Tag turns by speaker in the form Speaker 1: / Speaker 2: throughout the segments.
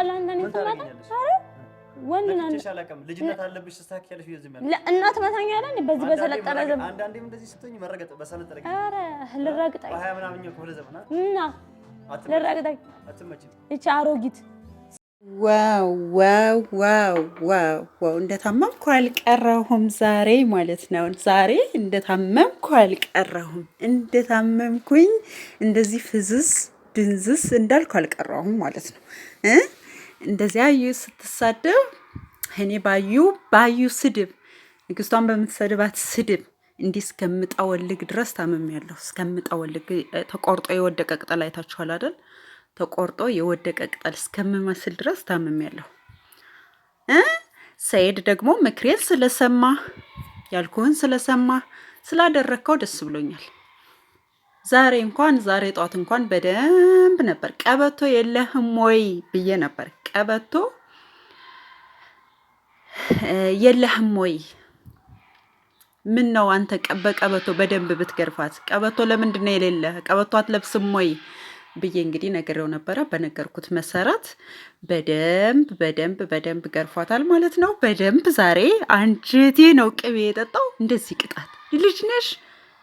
Speaker 1: አውቀዋለሁ። አንተ ነው ተማታ
Speaker 2: አረ ወንድ ነው። ልጅነት አለብሽ ተስተካክያለሽ።
Speaker 1: እናት መታኛለን በዚህ በሰለጠነ ዘመን
Speaker 2: አንዳንዴም እንደዚህ ስትሆኝ መረገጥ በሰለጠነ
Speaker 1: አረ ልረግጠኝ ልረግጠኝ ይቺ አሮጊት
Speaker 3: ዋው ዋው ዋው ዋው ዋው! እንደታመምኩ አልቀረሁም ዛሬ ማለት ነው። ዛሬ እንደታመምኩ አልቀረሁም። እንደታመምኩኝ እንደዚህ ፍዝዝ ድንዝስ እንዳልኩ አልቀረሁም ማለት ነው። እንደዚያ አዩ ስትሳደብ እኔ ባዩ ባዩ ስድብ ንግስቷን በምትሰድባት ስድብ እንዲህ እስከምጠወልግ ድረስ ያለሁ እስከምጠወልግ ተቆርጦ የወደቀ ቅጠል አይታችኋል አይደል? ተቆርጦ የወደቀ ቅጠል እስከምመስል ድረስ ያለሁ። ሰኢድ ደግሞ ምክሬን ስለሰማ ያልኩህን ስለሰማ ስላደረግከው ደስ ብሎኛል። ዛሬ እንኳን ዛሬ ጣት እንኳን በደንብ ነበር። ቀበቶ የለህም ወይ ብዬ ነበር። ቀበቶ የለህም ወይ? ምን ነው አንተ በቀበቶ በደንብ ብትገርፋት። ቀበቶ ለምንድን ነው የሌለ? ቀበቶ አትለብስም ወይ ብዬ እንግዲህ ነገሬው ነበረ። በነገርኩት መሰረት በደንብ በደንብ በደንብ ገርፏታል ማለት ነው። በደንብ ዛሬ አንጀቴ ነው ቅቤ የጠጣው። እንደዚህ ቅጣት ልጅ ነሽ፣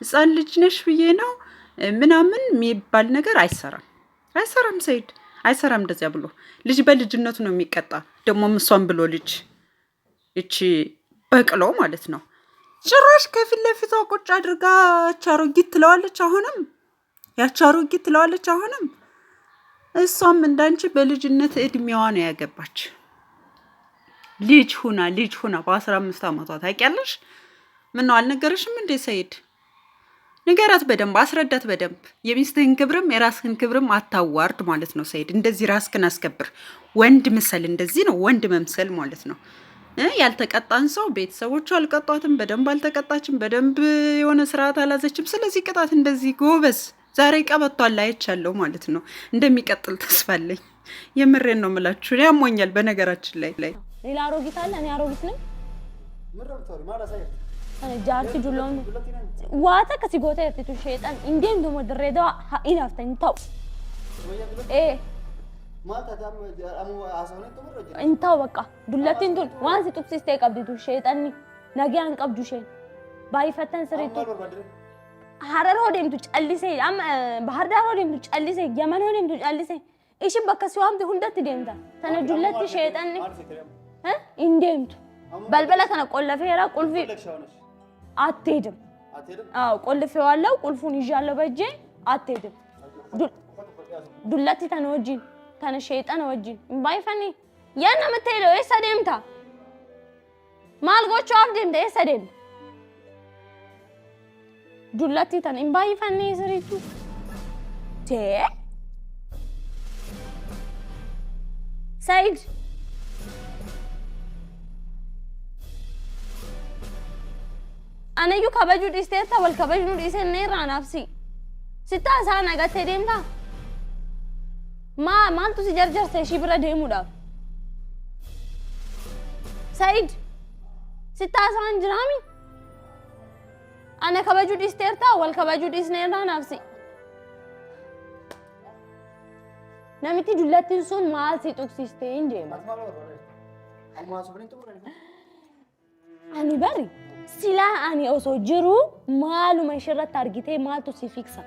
Speaker 3: ህፃን ልጅ ነሽ ብዬ ነው ምናምን የሚባል ነገር አይሰራም አይሰራም። ሰይድ አይሰራም። እንደዚያ ብሎ ልጅ በልጅነቱ ነው የሚቀጣ። ደግሞም እሷን ብሎ ልጅ እቺ በቅሎ ማለት ነው። ጭራሽ ከፊት ለፊቷ ቁጭ አድርጋ ያቺ ትለዋለች። አሁንም ያቺ አሮጊት ትለዋለች። አሁንም እሷም እንዳንቺ በልጅነት እድሜዋ ነው ያገባች ልጅ ሁና ልጅ ሁና በአስራ አምስት አመቷ ታውቂያለሽ። ምነው አልነገረሽም እንዴ ሰይድ? ንገራት በደንብ አስረዳት በደንብ የሚስትህን ክብርም የራስህን ክብርም አታዋርድ ማለት ነው ሰኢድ እንደዚህ ራስህን አስከብር ወንድ ምሰል እንደዚህ ነው ወንድ መምሰል ማለት ነው ያልተቀጣን ሰው ቤተሰቦቹ አልቀጧትም በደንብ አልተቀጣችም በደንብ የሆነ ስርዓት አላዘችም ስለዚህ ቅጣት እንደዚህ ጎበዝ ዛሬ ቀበቷል አይቻለሁ ማለት ነው እንደሚቀጥል ተስፋ አለኝ የምሬን ነው ምላችሁ ያሞኛል በነገራችን ላይ ላይ
Speaker 1: ሌላ አሮጊት አለ እኔ አሮጊት ነኝ jaarsi julloon waan akka si goota jirtitu sheexan indeen dumo dirree dawa haa inaaftan ta'u. Ee. Hin ta'u bakka dullattiin tun waan si tuqsistee qabditu sheexanni nagaan qabdu isheen baay'ifattan sirriitti. Harar hoo deemtu callisee amma Bahar Daar hoo deemtu callisee Yaman hoo deemtu callisee ishin bakka si waamte hundatti deemta sana dullatti sheexanni hin deemtu balbala kana qollafeera qulfii. አትሄድም። አዎ ቆልፌዋለሁ። ቁልፉን ይዣለሁ በእጄ አትሄድም። ዱለቲ ተነ ወጂን ተነ ሸይጠነ ወጂን እምባይፈኒ የነ የምትሄደው የሰደምታ ማልጎቹ አብደምታ የሰደም ዱለቲ ተነ እምባይፈኒ ስሪቱ ቴ ሰይድ Anayyuu kabajuu dhiisteetta wal kabajuu dhiisennee irraan absi. Sittaa isaa nagattee deemtaa? Maa maaltu si jarjarte ishii bira deemuudhaaf? Sa'id sittaa isaan jiraami? Ana kabajuu dhiisteertaa wal kabajuu dhiisnee irraan absi. Namitti dullattiin sun maal si tuqsiste hin deema. Ani bari. silaa ani osoo jiru maaluma ishirratti argitee maaltu si fiksa?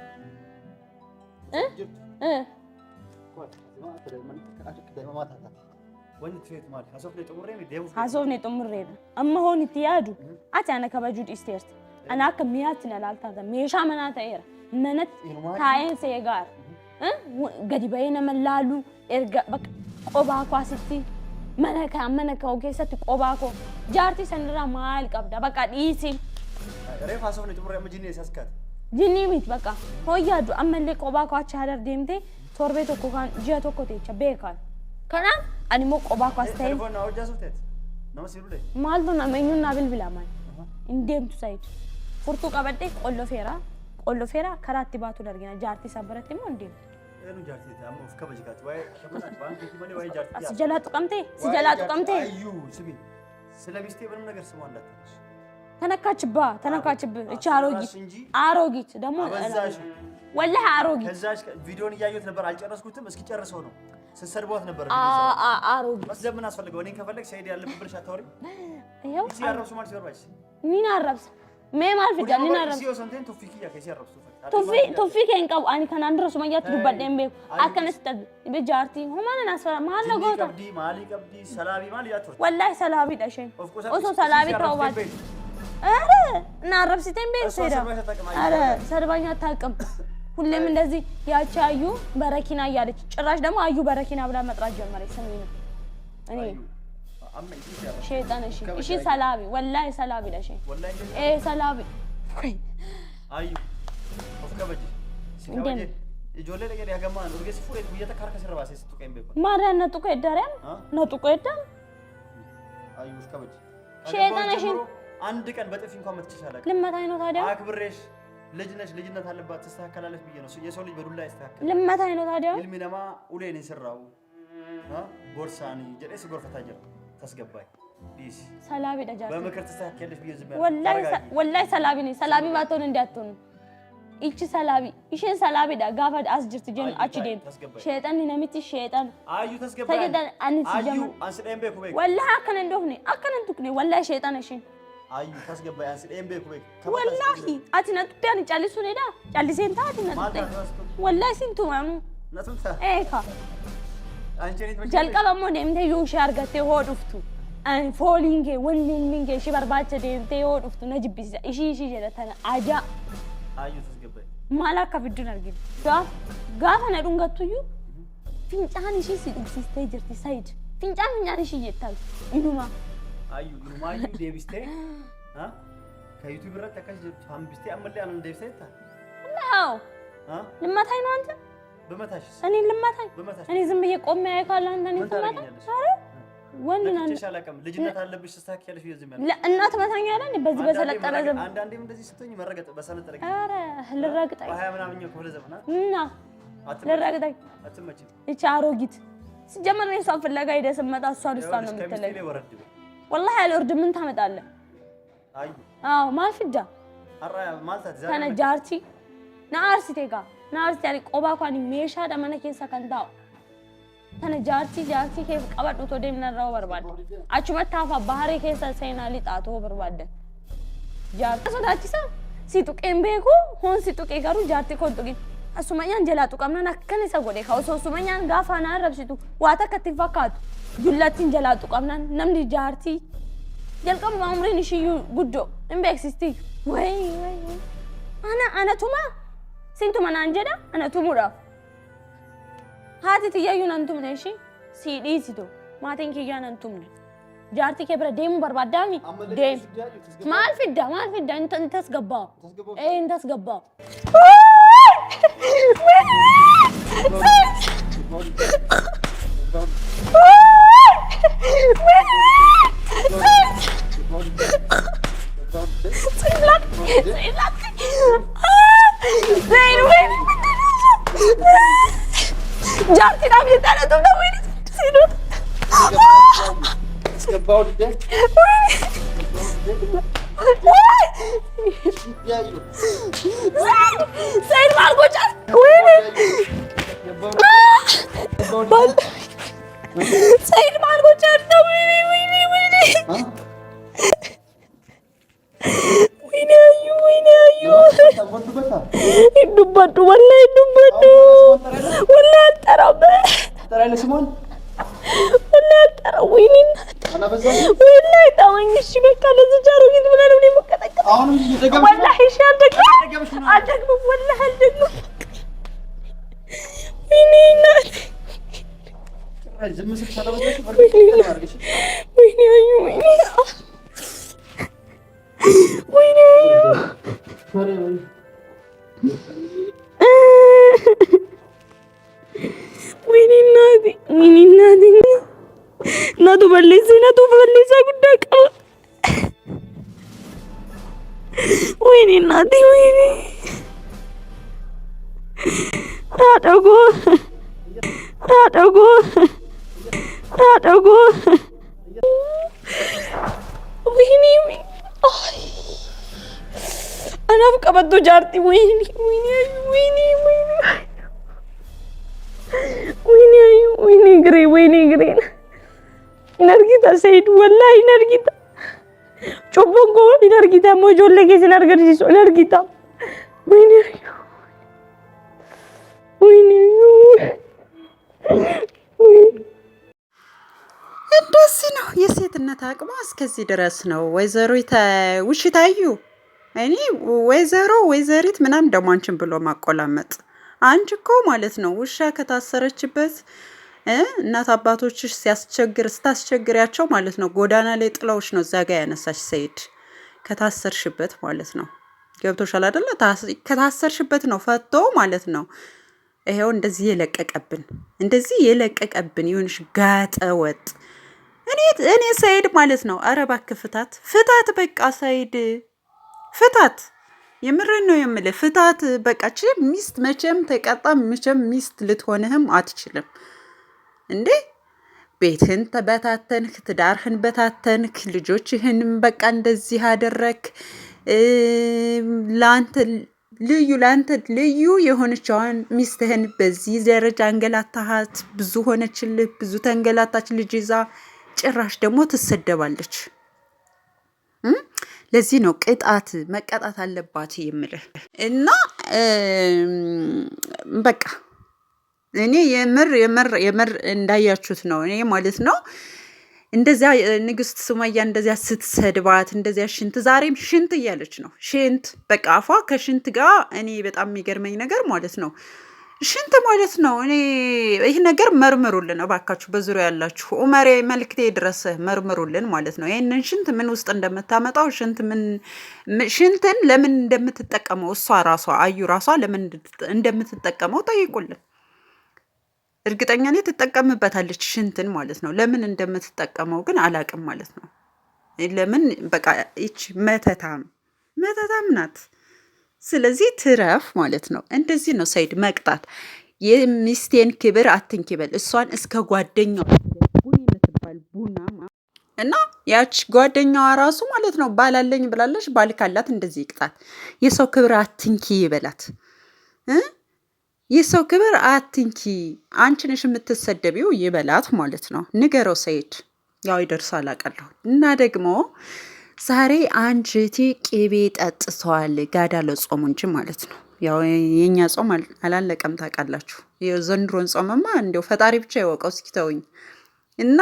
Speaker 1: Haasofne xumurreedha. Amma hoon itti yaadu ati ana kabajuu dhiisteerti. Ana akka miyaatti na laaltaata. Meeshaa manaa ta'eera. Manatti taa'eensa eegaara. Gadi bahee nama laalu erga qobaa kwaasitti. mana kaa mana kaa keessatti qophaa koo jaartii sanirraa maal qabda bakka dhiisi.
Speaker 2: Reefaa sofni xumuree amma jinnii eessaas kaate?
Speaker 1: Jinnii miti bakka hooyyaaddu ammallee qophaa koo achi haadar deemtee torbee tokko kaan ji'a tokko teecha beekan. Kanaaf ani immoo qophaa koo as ta'e.
Speaker 2: Telefoon naa hojjaa softeet? Nama si dhulee?
Speaker 1: Maaltu nama eenyuun naa bilbilaman? Hin deemtu sa'itu. Furtuu qabadhee qollofeera qollofeera karaa itti baatu dargina jaartii isaa biratti immoo hin deemtu. ስጀላ ጡቀምቴ ስጀላ ጡቀምቴ
Speaker 2: ስለ ሚስቴ ምንም ነገር ስሟ እንዳትነሽ።
Speaker 1: ተነካችባ ተነካችብህ። እቺ አሮጊት አሮጊት ደግሞ ወላሂ አሮጊት
Speaker 2: ቪዲዮን እያየሁት ነበር፣ አልጨረስኩትም። እስኪ ጨርሰው ነው ስትሰድቧት ነበር። አሮጊት መስደብ አስፈልገው? እኔን ከፈለግ ሰኢድ ያለብህ ብለሽ አታወሪም። ይኸው ሲያረብሱ ማለት ሲወርባች
Speaker 1: ኒና አረብስ ሜም አልፍጃ ኒና አረብስ
Speaker 2: ሲዮ ሰንቴን ቶፊኪያ ከሲያረብሱ
Speaker 1: Tuffiiqeen qabu ani kanaan dura sumayyaatti dubbadheen beeku akkanas dhabe jaartii humana na sara maal na goota.
Speaker 2: Maalii qabdi salaabii maal yaa turte.
Speaker 1: Wallaahi salaabiidha isheen osoo salaabii ta'uu baate. Na arrabsiteen beekseedha. ኧረ ሰርባኛ አታውቅም። ሁሌም እንደዚህ ያቺ አዩ በረኪና እያለች ጭራሽ ደግሞ አዩ በረኪና ብላ መጥራት ጀመረች ስሜን እኔ ሸይጣን እሺ እሺ ሰላቢ ወላሂ ሰላቢ ለሽ ሰላቢ ማርያ ነጡ ከዳሪያን ነጡ ከዳም
Speaker 2: አንድ ቀን በጥፊ እንኳን መትቻለሽ።
Speaker 1: ልመታኝ ነው ታዲያ
Speaker 2: አክብሬሽ ልጅ ነሽ፣ ልጅነት አለባት ትስተካከላለች ብዬ ነው። የሰው ልጅ በዱላ ይስተካከል።
Speaker 1: ልመታኝ ነው ታዲያ
Speaker 2: ኢልሚ ለማ ኡሌን ይሰራው ቦርሳኒ ጀደስ ጎርፈታ ጀር ታስገባይ ሰላቢ ደጃ በምክር ትስተካከላለች ብዬ ዝም ብዬ
Speaker 1: ወላሂ ሰላቢ ነኝ። ሰላቢ ባትሆን እንዲያትሆን ichi salaabi isheen salaabiidha gaafa as jirti jennu achi deemti sheexanni namichi sheexan
Speaker 2: tajaajilan ani si jaman
Speaker 1: walaa akkana hin dhoofne akkana hin tuqne walaa sheexan isheen.
Speaker 2: Ayyu tas gabbaay ani sidheen beeku
Speaker 1: beeku. Wallaahi ati na tuttee ani callisuunidha calliseen taa ati na tuttee walaa isin tumamu. Na tuttaa. Eeka. Jalqaba immoo deemtee yoo ishee argattee hoo dhuftu. Ani fooliin kee wanni inni kee ishee barbaacha deemtee yoo dhuftu na jibbisiisa ishii ishii jedha tana ajaa. Ayyu tas maal akka fidduun argina. Gaafa na dhungattuyyuu fincaan ishee si dhugsistee jirti Sayid. Fincaan fincaan ishee jettaa inuma.
Speaker 2: Ayyu inumaa iyyuu deebistee ከዩቲዩብ irratti akkas jirtu hambistee ammallee anan deebisee jetta?
Speaker 1: Laaw! ልመታኝ ነው አንተ? ብመታሽስ? እኔ ልመታኝ? እኔ ዝም ብዬ ቆሜ አይ ካለ አንተ እኔ ትመታኝ? ኧረ
Speaker 2: ወንድ ልጅነት አለብሽ
Speaker 1: እናት መታኛ ያለን በዚህ ዘመን
Speaker 2: አንዳንዴም እንደዚህ ስትሆኝ መረገጥ
Speaker 1: ኧረ ልረግጠኝ እና ልረግጠኝ ይቺ አሮጊት እሷን ፍለጋ ሄደህ ስትመጣ ነው የምትለኝ። ወላሂ ምን ታመጣለህ? አዎ ማልፍጃ ና አርሲቴ ና አርሲቴ ቆባ ሜሻ Kana jaarsi jaarsi kee qabadhu otoo deemna irraa barbaadde. Achumatti hafa baharee keessa seenaa lixaatoo barbaadde. Jaarsi sodaachisaa. Si tuqeen beeku hoon si tuqee garuu jaarti koon tuqin. Asuma nyaan jalaa tuqamnan akkan isa godhe ka osoo asuma nyaan gaafa naa rabsitu waata akkatti fakkaatu. Jullattiin jalaa tuqamnan namni jaartii jalqabuma umriin ishiyyuu guddoo hin beeksisti. Wayi wayi ana anatuma sintuma naan jedha anatumuudhaaf. haati tiyyaayyuu nan tumne ishii si dhiisitu maatiin kiyyaa nan tumne jaartii kee bira deemuu barbaaddaami deemu maal fidda maal fidda inni tasgabbaa ee inni tasgabbaa. Zeynep! Zeynep! ጃርቲን አብየጣለቱም ነው ወይ ሲሉ ሰይድ ማልጎጫት ወይኔ ሰይድ ማልጎጫት ነው ወይኔ ወይኔ ወይኔ ይዱባዱ ወላሂ ይዱባዱ ወላሂ አልጠራም ወላሂ አልጠራም። ወይኔ ወላሂ ጣማኝ። እሺ በቃ ለዚህ ጃሮ ጊዜ ብላ ነው የምቀጠቀጥ ወላሂ። እሺ አልደግምም አልደግምም ወላሂ አልደግምም። ወይኔ እናቴ ወይኔ ወይኔ ወይኔ ወይኔ ወይኔ እናቴ ወይኔ እናቴ እናቱ በሌሴ እናቱ በሌሳ ጉዳይ ቀባ ወይኔ እናቴ ወይኔ ታጠጎ ታጠጎ ታጠጎ ወይኔ Kanaaf qabattoo jaartii wayini wayini wayini wayini giree wayini gireen hin argita Sayid wallaahi hin argita cubbuun koo hin argita ammoo ijoollee keessa hin argarsiisu hin argita wayini wayini እንደዚህ ነው የሴትነት አቅሟ እስከዚህ ድረስ ነው ወይዘሮ ውሽታዩ እኔ ወይዘሮ ወይዘሪት ምናምን ደግሞ አንቺን ብሎ ማቆላመጥ አንቺ እኮ ማለት ነው ውሻ ከታሰረችበት እናት አባቶችሽ ሲያስቸግር ስታስቸግሪያቸው ማለት ነው ጎዳና ላይ ጥለውሽ ነው እዛ ጋ ያነሳሽ ሰይድ ከታሰርሽበት ማለት ነው ገብቶሻል አደለ ከታሰርሽበት ነው ፈቶ ማለት ነው ይሄው እንደዚህ የለቀቀብን እንደዚህ የለቀቀብን ይሁንሽ ጋጠ ወጥ እኔ እኔ ሰይድ ማለት ነው አረ እባክህ ፍታት ፍታት በቃ ሰይድ ፍታት። የምሬን ነው የምልህ ፍታት። በቃች ሚስት መቼም ተቀጣ መቼም ሚስት ልትሆንህም አትችልም እንዴ። ቤትህን ተበታተንክ፣ ትዳርህን በታተንክ፣ ልጆችህንም በቃ እንደዚህ አደረክ። ለአንተ ልዩ ለአንተ ልዩ የሆነችውን ሚስትህን በዚህ ደረጃ አንገላታሃት። ብዙ ሆነችልህ፣ ብዙ ተንገላታች ልጅ ይዛ ጭራሽ ደግሞ ትሰደባለች። ለዚህ ነው ቅጣት መቀጣት አለባት የምልህ እና በቃ እኔ የምር የምር የምር እንዳያችሁት ነው እኔ ማለት ነው እንደዚያ ንግስት ሱመያ እንደዚያ ስትሰድባት እንደዚያ ሽንት ዛሬም ሽንት እያለች ነው። ሽንት በቃ አፏ ከሽንት ጋር እኔ በጣም የሚገርመኝ ነገር ማለት ነው ሽንት ማለት ነው። እኔ ይህ ነገር መርምሩልን እባካችሁ፣ በዙሪያ ያላችሁ ኡመሬ፣ መልክቴ ድረስ መርምሩልን ማለት ነው። ይህንን ሽንት ምን ውስጥ እንደምታመጣው ሽንትን ለምን እንደምትጠቀመው እሷ ራሷ አዩ ራሷ ለምን እንደምትጠቀመው ጠይቁልን። እርግጠኛ ነኝ ትጠቀምበታለች ሽንትን ማለት ነው። ለምን እንደምትጠቀመው ግን አላቅም ማለት ነው። ለምን በቃ ይች መተታም መተታም ናት። ስለዚህ ትረፍ ማለት ነው። እንደዚህ ነው ሰይድ መቅጣት። የሚስቴን ክብር አትንኪበል። እሷን እስከ ጓደኛው ቡኒ የምትባል ቡና እና ያች ጓደኛዋ ራሱ ማለት ነው ባላለኝ ብላለች። ባል ካላት እንደዚህ ይቅጣት። የሰው ክብር አትንኪ ይበላት። የሰው ክብር አትንኪ፣ አንችንሽ የምትሰደቢው ይበላት ማለት ነው። ንገረው ሰይድ ያው ይደርሳል አውቃለሁ እና ደግሞ ዛሬ አንድ እህቴ ቅቤ ጠጥተዋል። ጋዳ ለጾሙ እንጂ ማለት ነው። ያው የእኛ ጾም አላለቀም ታውቃላችሁ። የዘንድሮን ጾምማ እንዲያው ፈጣሪ ብቻ ይወቀው። እስኪ እና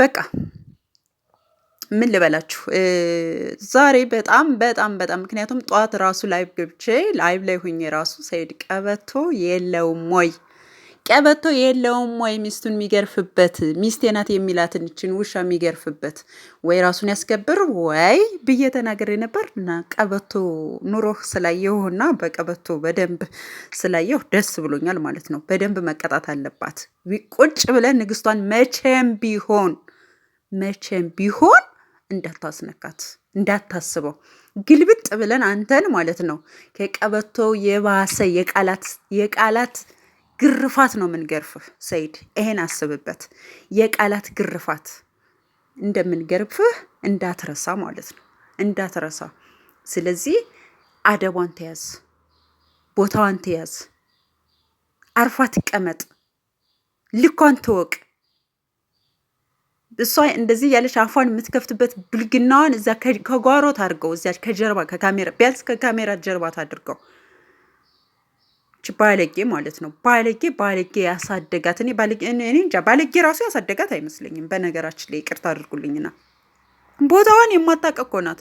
Speaker 1: በቃ ምን ልበላችሁ ዛሬ በጣም በጣም በጣም ምክንያቱም ጠዋት ራሱ ላይቭ ገብቼ ላይቭ ላይ ሁኜ ራሱ ሰይድ ቀበቶ የለውም ወይ ቀበቶ የለውም ወይ? ሚስቱን የሚገርፍበት ሚስቴ ናት የሚላትን ይችን ውሻ የሚገርፍበት ወይ ራሱን ያስከብር ወይ ብዬ ተናግሬ ነበር እና ቀበቶ ኑሮህ ስላየሁና በቀበቶ በደንብ ስላየሁ ደስ ብሎኛል ማለት ነው። በደንብ መቀጣት አለባት። ቁጭ ብለን ንግስቷን መቼም ቢሆን መቼም ቢሆን እንዳታስነካት እንዳታስበው ግልብጥ ብለን አንተን ማለት ነው ከቀበቶ የባሰ የቃላት የቃላት ግርፋት ነው የምንገርፍህ ሰይድ። ይሄን አስብበት። የቃላት ግርፋት እንደምንገርፍህ እንዳትረሳ ማለት ነው፣ እንዳትረሳ። ስለዚህ አደቧን ተያዝ፣ ቦታዋን ተያዝ፣ አርፋ ትቀመጥ፣ ልኳን ትወቅ። እሷ እንደዚህ ያለች አፏን የምትከፍትበት ብልግናዋን እዛ ከጓሮ ታድርገው፣ እዚያ ከጀርባ ከካሜራ ቢያንስ ከካሜራ ጀርባ ታድርገው። ባለጌ ማለት ነው። ባለጌ ባለጌ ያሳደጋት እኔ ባለጌ እኔ እንጃ ባለጌ ራሱ ያሳደጋት አይመስለኝም። በነገራችን ላይ ይቅርታ አድርጉልኝና ቦታዋን የማታውቅ እኮ ናት።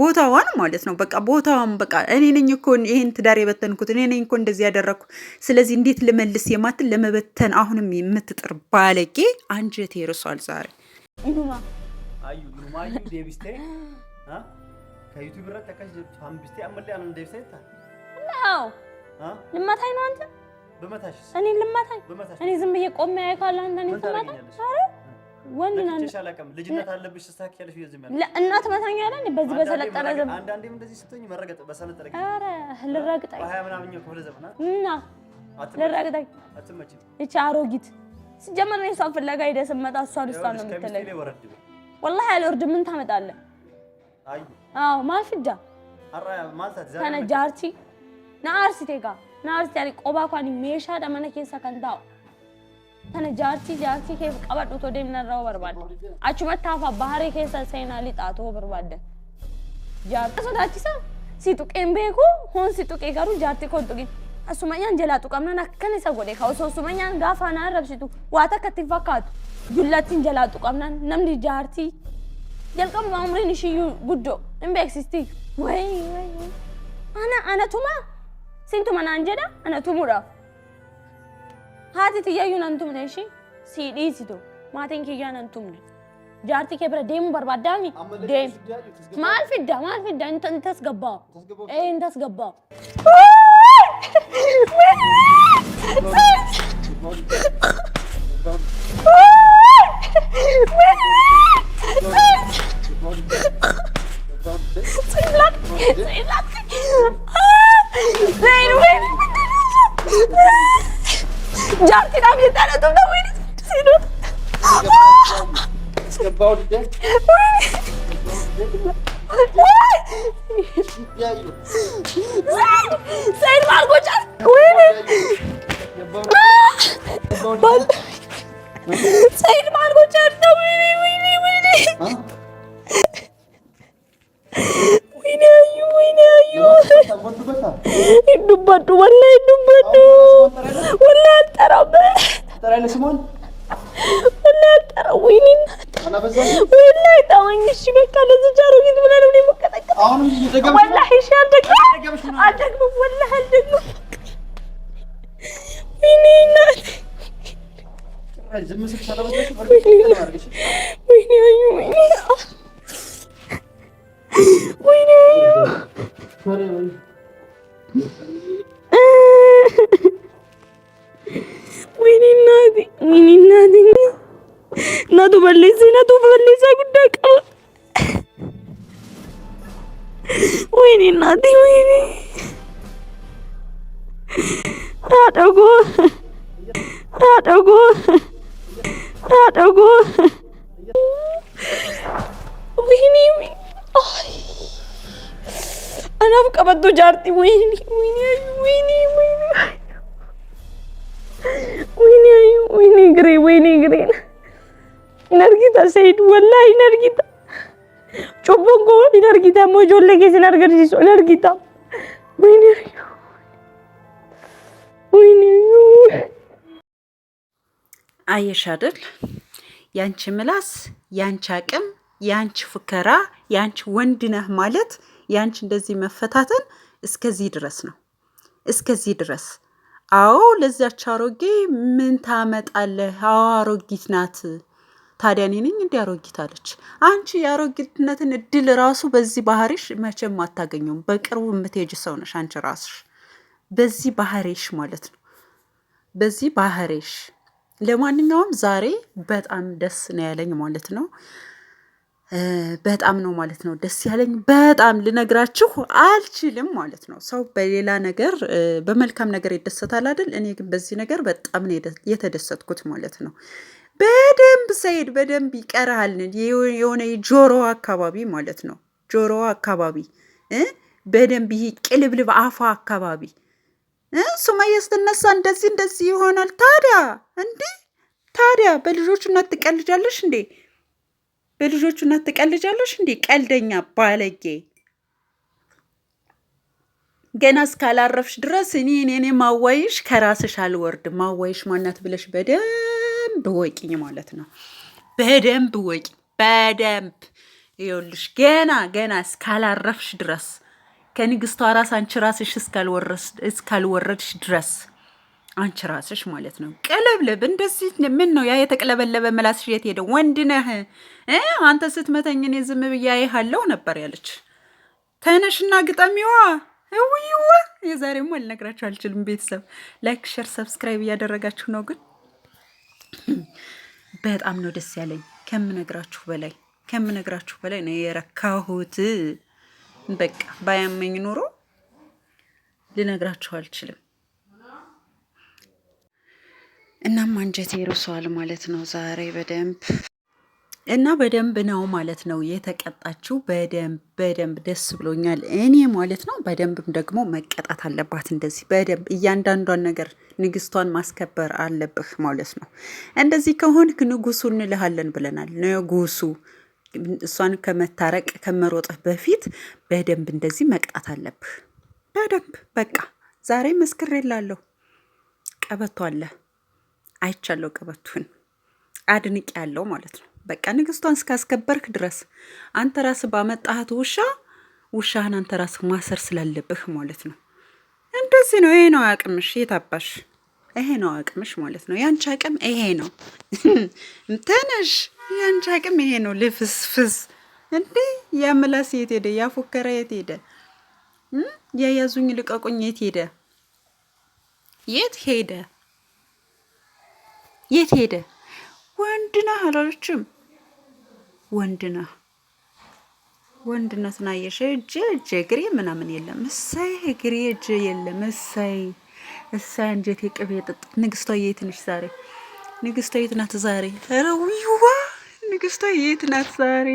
Speaker 1: ቦታዋን ማለት ነው። በቃ ቦታዋን በቃ እኔ ነኝ እኮ ይሄን ትዳር የበተንኩት እኔ ነኝ እኮ እንደዚህ ያደረግኩ፣ ስለዚህ እንዴት ልመልስ የማትል ለመበተን አሁንም የምትጥር ባለጌ አንጀቴ ይርሷል ዛሬ ልመታኝ ነው አንተ? በመታሽስ? እኔ ልመታኝ? እኔ ዝም ብዬ ቆሜ ያይካለ አንተ ነው ትመታኝ? አረ ወንድ ነው አንተ ልጅነት አለብሽ። ስታክያለሽ ይዘም ያለ እናት መታኛ ያለ ነው በዚህ በሰለጠነ ዘመን አንዳንዴም እንደዚህ ስትሆኝ መረገጥ በሰለጠነ ጊዜ አረ ልረግጠኝ በሀያ ምናምን ክፍለ ዘመን እና ልረግጠኝ አትመጭም። እቺ አሮጊት ሲጀመር ነው እሷን ፍለጋ ሄደህ ስትመጣ እሷን እሷን ነው የምትለኝ። ወላሂ አልወርድ ምን ታመጣለህ? አይ አዎ ማፍጃ አራ ማልታ ተነጃርቲ na aarsite egaa na aarsite ani qophaa koo ani meeshaadha mana keessa kan taa'u kana jaartii jaartii kee qabadhu otoo deemna irraa barbaadda achumatti hafa baharee keessa seenaa lixaa ta'uu barbaadda jaartii sodaachisa si tuqeen beeku hoon si tuqee garuu jaartii koon tuqin asumanyaan jalaa tuqamnan akkan isa godhe kaa osoo asumanyaan gaafa anaan rabsitu waata akkatti fakkaatu jullattiin jalaa tuqamnan namni jaartii jalqabuma umriin ishiyyuu guddoo hin beeksisti wayi wayi ana anatuma Siimtuma naan jedha ana tumuudhaaf. Haati tiyyaayyuu nan tumne ishee sii dhiisitu maatiin kiyyaa nan tumne. Jaartii kee bira deemuu barbaaddaa mi? Deemu. Maal fidda maal fidda inni tasgabbaa. Ee inni tasgabbaa. Thank you. ዘይን ወይኔ ምንድን ጃርቲና ቤጠረቱ ወይኔ ሲሉ ዘይን ማርጎጫ ወይኔ ሰይድ ማርጎ ጨርሰው፣ ወይኔ ወይኔ ወይኔ ይዱባዱ ወላ ይዱባዱ ወላ አልጠራም ወላ አልጠራም። ወይኔ ወላ ይጣመኝ። እሺ በቃ ለዚህ ጃሮ ጊዜ ብላ ነው ወላ እሺ አልደግምም፣ አልደግምም፣ ወላ አልደግምም። ወይኔ እናቴ ወይኔ ወይኔ ወይኔ ታደርጉ። ወይኔ አናፍ ቀበቶ ጃርቲ ወይኔ ወይኔ ወይኔ ወይኔ ወይኔ ግሬ ወይኔ ግሬ ኢነርጊታ ሰይድ ወላ ኢነርጊታ ጩቦን ጎ ኢነርጊታ ሞጆሌ ጌስን አርገርሲሶ ኢነርጊታ ወይኔ ወይኔ አየሽ አይደል ያንቺ ምላስ፣ ያንቺ አቅም፣ ያንቺ ፉከራ፣ ያንቺ ወንድ ነህ ማለት ያንቺ እንደዚህ መፈታተን እስከዚህ ድረስ ነው። እስከዚህ ድረስ አዎ፣ ለዚያች አሮጌ ምን ታመጣለህ? አዎ አሮጊት ናት። ታዲያ እኔ ነኝ እንዲህ አሮጊት አለች። አንቺ የአሮጊትነትን እድል ራሱ በዚህ ባህሪሽ መቼም አታገኘውም። በቅርቡ የምትሄጅ ሰው ነሽ አንቺ ራስሽ በዚህ ባህሪሽ ማለት ነው። በዚህ ባህሪሽ ለማንኛውም ዛሬ በጣም ደስ ነው ያለኝ ማለት ነው። በጣም ነው ማለት ነው ደስ ያለኝ። በጣም ልነግራችሁ አልችልም ማለት ነው። ሰው በሌላ ነገር በመልካም ነገር ይደሰታል አይደል? እኔ ግን በዚህ ነገር በጣም ነው የተደሰትኩት ማለት ነው። በደንብ ሰይድ በደንብ ይቀርሃል፣ የሆነ የጆሮዋ አካባቢ ማለት ነው። ጆሮ አካባቢ በደንብ ይሄ ቅልብልብ አፏ አካባቢ ሱመያ ስትነሳ እንደዚህ እንደዚህ ይሆናል። ታዲያ እንዴ ታዲያ በልጆቹ እናት ትቀልጃለሽ እንዴ? በልጆቹ እናት ትቀልጃለሽ እንዴ? ቀልደኛ ባለጌ ገና እስካላረፍሽ ድረስ እኔ እኔ ማዋይሽ ከራስሽ አልወርድ። ማዋይሽ ማናት ብለሽ በደንብ ወቂኝ ማለት ነው። በደንብ ወቂ፣ በደንብ ይኸውልሽ፣ ገና ገና እስካላረፍሽ ድረስ ከንግስቷ ራስ አንቺ ራስሽ እስካልወረድሽ ድረስ አንቺ ራስሽ ማለት ነው። ቀለብለብ እንደዚህ ምን ነው ያ የተቀለበለበ መላስሽ የት ሄደ? ወንድ ነህ አንተ ስትመተኝ እኔ ዝም ብዬ ነበር ያለች። ተነሽና ግጠሚዋ እውይወ የዛሬማ ልነግራችሁ አልችልም። ቤተሰብ ላይክ፣ ሸር፣ ሰብስክራይብ እያደረጋችሁ ነው። ግን በጣም ነው ደስ ያለኝ ከምነግራችሁ በላይ ከምነግራችሁ በላይ ነው የረካሁት። በቃ ባያመኝ ኑሮ ልነግራችሁ አልችልም። እናም አንጀቴ ይርሷል ማለት ነው ዛሬ በደንብ እና በደንብ ነው ማለት ነው የተቀጣችው። በደንብ በደንብ ደስ ብሎኛል እኔ ማለት ነው። በደንብም ደግሞ መቀጣት አለባት እንደዚህ በደንብ እያንዳንዷን ነገር ንግስቷን ማስከበር አለብህ ማለት ነው። እንደዚህ ከሆንክ ንጉሱ እንልሃለን ብለናል። ንጉሱ እሷን ከመታረቅ ከመሮጥህ በፊት በደንብ እንደዚህ መቅጣት አለብህ። በደንብ በቃ ዛሬ መስክሬላለሁ። ቀበቶ አለ አይቻለሁ፣ ቀበቱን አድንቅ ያለው ማለት ነው። በቃ ንግስቷን እስካስከበርክ ድረስ አንተ ራስህ ባመጣህት ውሻ ውሻህን አንተ ራስህ ማሰር ስላለብህ ማለት ነው። እንደዚህ ነው። ይሄ ነው አቅምሽ። የታባሽ ይሄ ነው አቅምሽ ማለት ነው። ያንቺ አቅም ይሄ ነው። እንተነሽ የአንቺ አቅም ይሄ ነው። ልፍስፍስ እንዴ! ያ የት ሄደ? ያፎከረ የት ሄደ? የያዙኝ ልቀቁኝ የት ሄደ? የት ሄደ? የት ሄደ? ወንድ ነህ አላለችም? ወንድ ነህ ወንድነትን አየሽ። እጅ እጄ እግሬ ምናምን የለም እሳይ፣ እግሬ እጅ የለም እሳይ፣ እሳይ አንጀቴ ቅቤ ጥጥ። ንግስቷ የትንሽ ዛሬ ንግስቷ የት ናት ዛሬ? ረዊዋ ቅድስቷ የት ናት ዛሬ?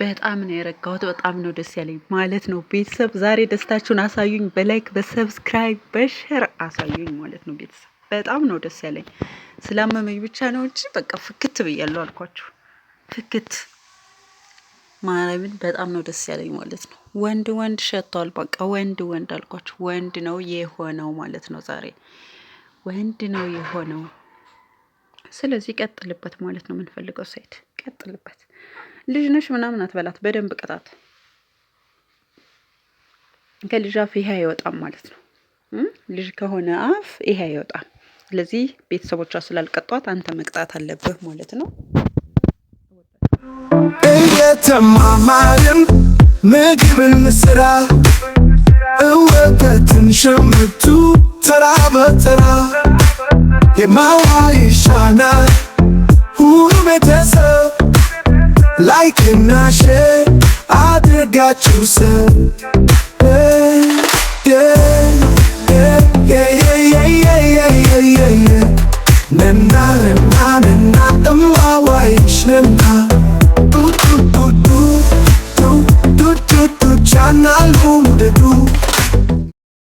Speaker 1: በጣም ነው የረጋሁት። በጣም ነው ደስ ያለኝ ማለት ነው። ቤተሰብ ዛሬ ደስታችሁን አሳዩኝ። በላይክ በሰብስክራይብ በሸር አሳዩኝ ማለት ነው። ቤተሰብ በጣም ነው ደስ ያለኝ። ስላመመኝ ብቻ ነው እንጂ በቃ ፍክት ብያለሁ አልኳችሁ። ፍክት ማለምን በጣም ነው ደስ ያለኝ ማለት ነው። ወንድ ወንድ ሸቷል። በቃ ወንድ ወንድ አልኳችሁ። ወንድ ነው የሆነው ማለት ነው። ዛሬ ወንድ ነው የሆነው። ስለዚህ ቀጥልበት ማለት ነው የምንፈልገው። ሳይድ ቀጥልበት፣ ልጅ ነሽ ምናምን አትበላት፣ በደንብ ቅጣት። ከልጅ አፍ ይሄ አይወጣም ማለት ነው። ልጅ ከሆነ አፍ ይሄ አይወጣም። ስለዚህ ቤተሰቦቿ ስላልቀጧት አንተ መቅጣት አለብህ ማለት ነው። እየተማማርን ምግብን ስራ እወተትን ሸምቱ ተራ በተራ የማዋይሻና ይሻናል ሁሉ ቤተሰብ ላይክ እና ሼር አድርጋችሁ ሰብ